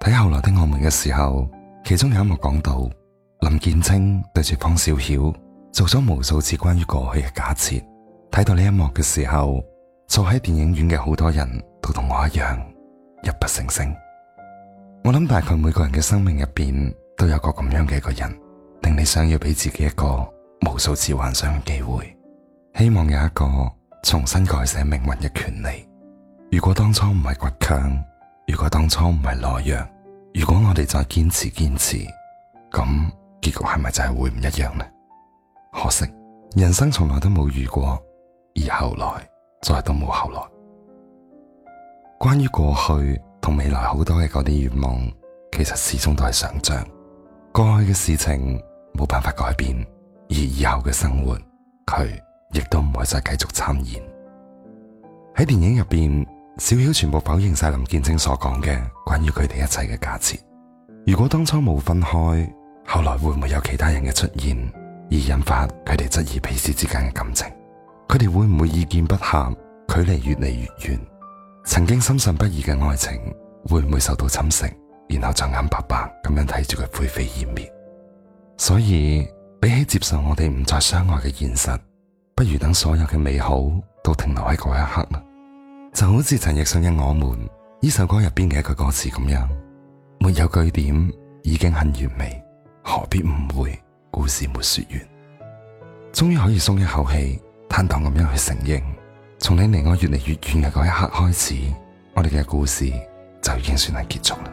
睇後來的我們嘅時候，其中有一幕講到林見清對住方小曉做咗無數次關於過去嘅假設。睇到呢一幕嘅時候，坐喺電影院嘅好多人都同我一樣泣不成聲。我諗大概每個人嘅生命入邊都有個咁樣嘅一個人，令你想要俾自己一個無數次幻想嘅機會，希望有一個重新改寫命運嘅權利。如果當初唔係倔強，如果當初唔係懦弱，如果我哋再堅持堅持，咁結局係咪就係會唔一樣呢？可惜人生從來都冇遇過，而後來再都冇後來。關於過去同未來好多嘅嗰啲願望，其實始終都係想象。過去嘅事情冇辦法改變，而以後嘅生活佢亦都唔會再繼續參演喺電影入邊。小曉全部否認晒林建清所講嘅關於佢哋一切嘅假設。如果當初冇分開，後來會唔會有其他人嘅出現而引發佢哋質疑彼此之間嘅感情？佢哋會唔會意見不合，距離越嚟越遠？曾經深信不疑嘅愛情會唔會受到侵蝕，然後就眼白白咁樣睇住佢灰飛煙滅？所以比起接受我哋唔再相愛嘅現實，不如等所有嘅美好都停留喺嗰一刻。就好似陳奕迅嘅《我們》呢首歌入邊嘅一個歌詞咁樣，沒有句點已經很完美，何必誤會？故事沒說完，終於可以鬆一口氣，坦蕩咁樣去承認，從你離我越嚟越遠嘅嗰一刻開始，我哋嘅故事就已經算係結束啦。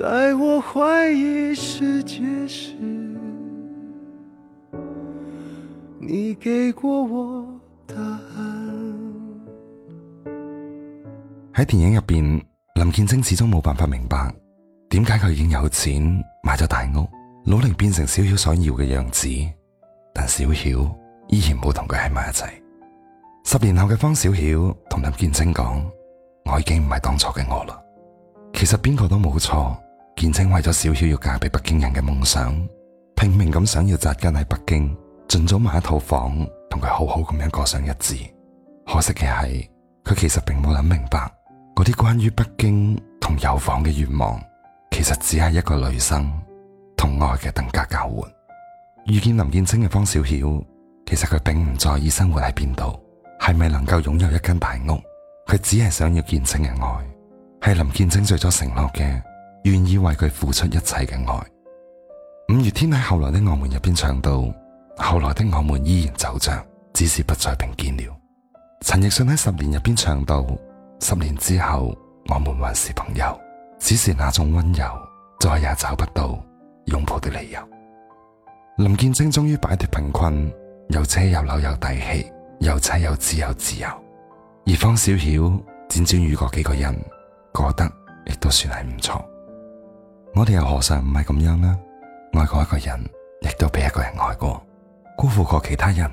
在我懷疑世界時，你給過我答案。喺電影入邊，林見清始終冇辦法明白點解佢已經有錢買咗大屋，努力變成小曉想要嘅樣子，但小曉依然冇同佢喺埋一齊。十年後嘅方小曉同林見清講：我已經唔係當初嘅我啦。其實邊個都冇錯。見清為咗小曉要嫁俾北京人嘅夢想，拼命咁想要扎根喺北京，盡早買一套房，同佢好好咁樣過上日子。可惜嘅係，佢其實並冇諗明白，嗰啲關於北京同有房嘅願望，其實只係一個女生同愛嘅等價交換。遇見林見清嘅方小曉，其實佢並唔在意生活喺邊度，係咪能夠擁有一間大屋，佢只係想要見清嘅愛。係林見清最早承諾嘅。願意為佢付出一切嘅愛。五月天喺後來的我們入邊唱到，後來的我們依然走着，只是不再並肩了。陳奕迅喺十年入邊唱到，十年之後我們還是朋友，只是那種温柔再也找不到擁抱的理由。林見清終於擺脱貧困，有車有樓有底氣，有妻有子有自由。而方小曉輾轉遇過幾個人，過得亦都算係唔錯。我哋又何嘗唔係咁樣呢？愛過一個人，亦都被一個人愛過；辜負過其他人，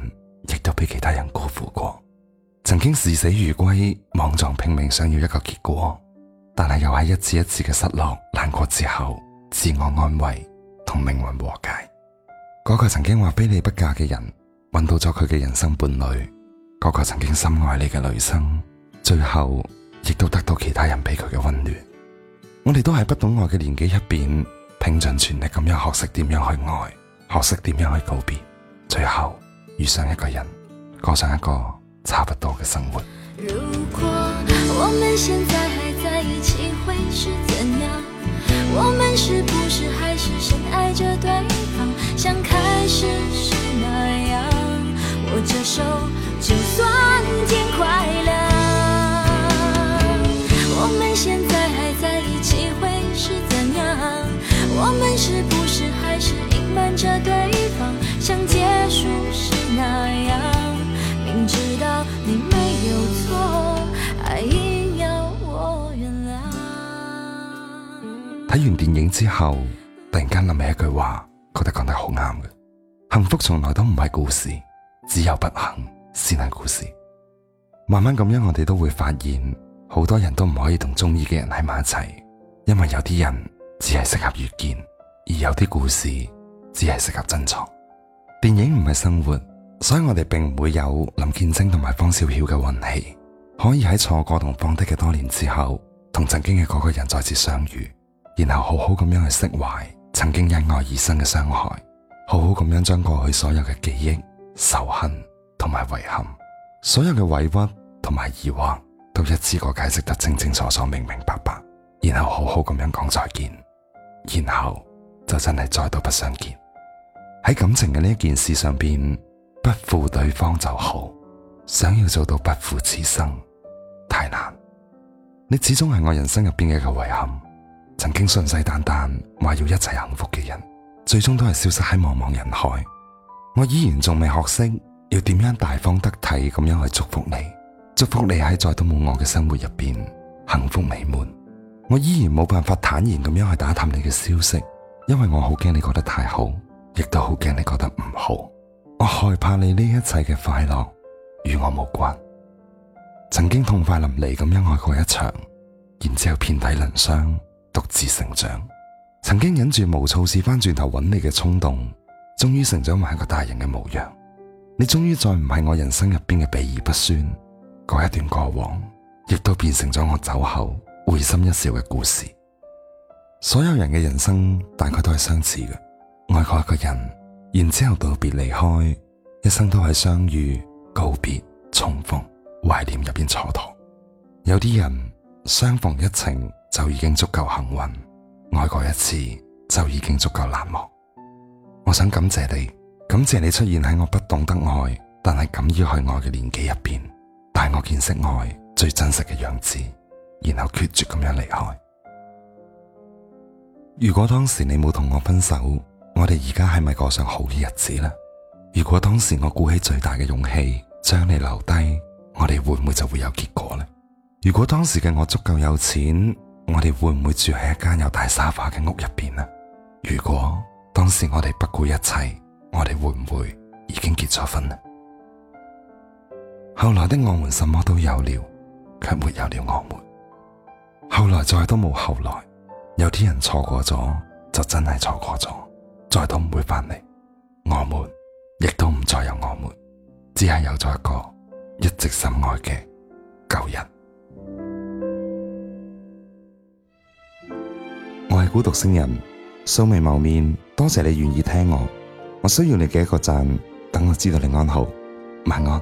亦都被其他人辜負過。曾經視死如歸、莽撞拼命想要一個結果，但係又喺一次一次嘅失落、難過之後，自我安慰同命運和解。嗰個曾經話非你不嫁嘅人，揾到咗佢嘅人生伴侶；嗰個曾經深愛你嘅女生，最後亦都得到其他人俾佢嘅溫暖。我哋都喺不懂愛嘅年紀入邊，拼盡全力咁樣學識點樣去愛，學識點樣去告別，最後遇上一個人，過上一個差不多嘅生活。如果我們現在還在一起，會是怎樣？我們是不是還是深愛著對方？像開始是那樣？握著手就算天快睇完電影之後，突然間諗起一句話，覺得講得好啱嘅。幸福從來都唔係故事，只有不幸先係故事。慢慢咁樣，我哋都會發現，好多人都唔可以同中意嘅人喺埋一齊，因為有啲人只係適合遇見，而有啲故事。只係適合珍藏。電影唔係生活，所以我哋並唔會有林見清同埋方小曉嘅運氣，可以喺錯過同放低嘅多年之後，同曾經嘅嗰個人再次相遇，然後好好咁樣去釋懷曾經因愛而生嘅傷害，好好咁樣將過去所有嘅記憶、仇恨同埋遺憾，所有嘅委屈同埋疑惑，都一次過解釋得清清楚楚、明明白白，然後好好咁樣講再見，然後就真係再都不相見。喺感情嘅呢一件事上邊，不負對方就好。想要做到不負此生，太難。你始終係我人生入邊嘅一個遺憾。曾經信誓旦旦話要一齊幸福嘅人，最終都係消失喺茫茫人海。我依然仲未學識要點樣大方得體咁樣去祝福你，祝福你喺再都冇我嘅生活入邊幸福美滿。我依然冇辦法坦然咁樣去打探你嘅消息，因為我好驚你覺得太好。亦都好驚你覺得唔好，我害怕你呢一切嘅快樂與我無關。曾經痛快淋漓咁樣愛過一場，然之後遍體鱗傷，獨自成長。曾經忍住無措，試返轉頭揾你嘅衝動，終於成長為一個大人嘅模樣。你終於再唔係我人生入邊嘅避而不宣。嗰一段過往，亦都變成咗我走後會心一笑嘅故事。所有人嘅人生大概都係相似嘅。愛過一個人，然之後道別離開，一生都喺相遇、告別、重逢、懷念入邊蹉跎。有啲人相逢一程，就已經足夠幸運，愛過一次就已經足夠難忘。我想感謝你，感謝你出現喺我不懂得愛，但係敢於去愛嘅年紀入邊，帶我見識愛最真實嘅樣子，然後決絕咁樣離開。如果當時你冇同我分手，我哋而家係咪過上好嘅日子呢？如果當時我鼓起最大嘅勇氣將你留低，我哋會唔會就會有結果呢？如果當時嘅我足夠有錢，我哋會唔會住喺一間有大沙發嘅屋入邊呢？如果當時我哋不顧一切，我哋會唔會已經結咗婚呢？後來的我們什麼都有了，卻沒有了我們。後來再都冇後來，有啲人錯過咗，就真係錯過咗。再都唔會翻嚟，我們亦都唔再有我們，只係有咗一個一直深愛嘅舊人。 我係孤獨星人，素未謀面，多謝你願意聽我。我需要你嘅一個讚，等我知道你安好，晚安。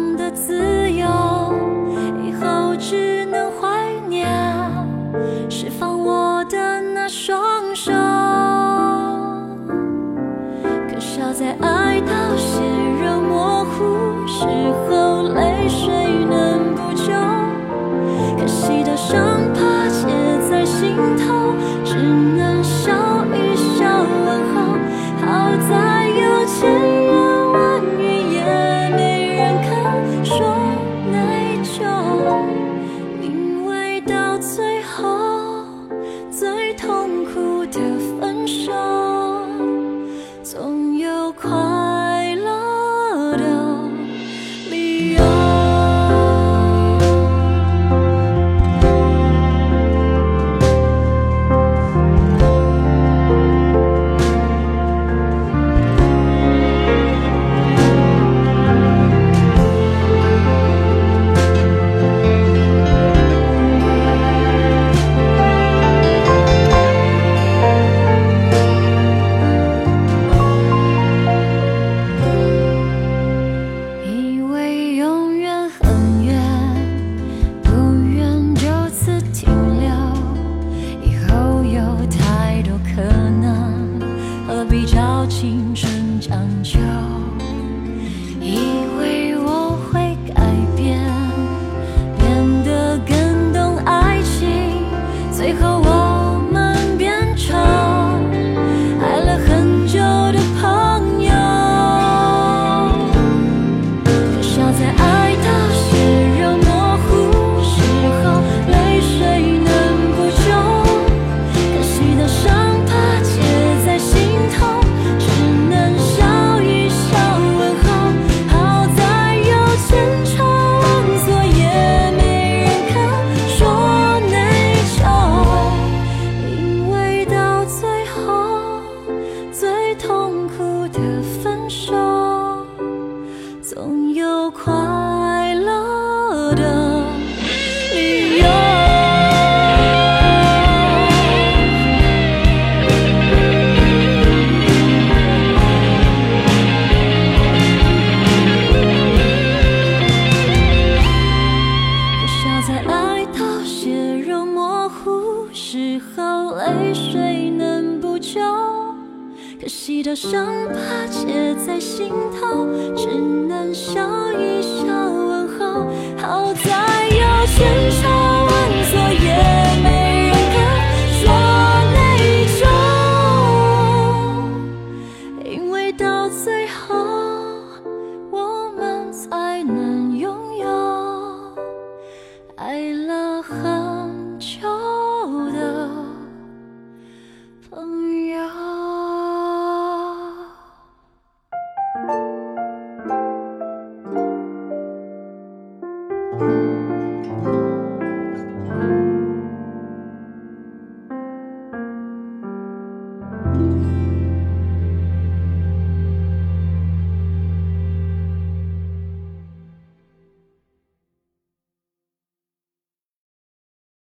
盡頭，只能笑一笑，問候。好 在。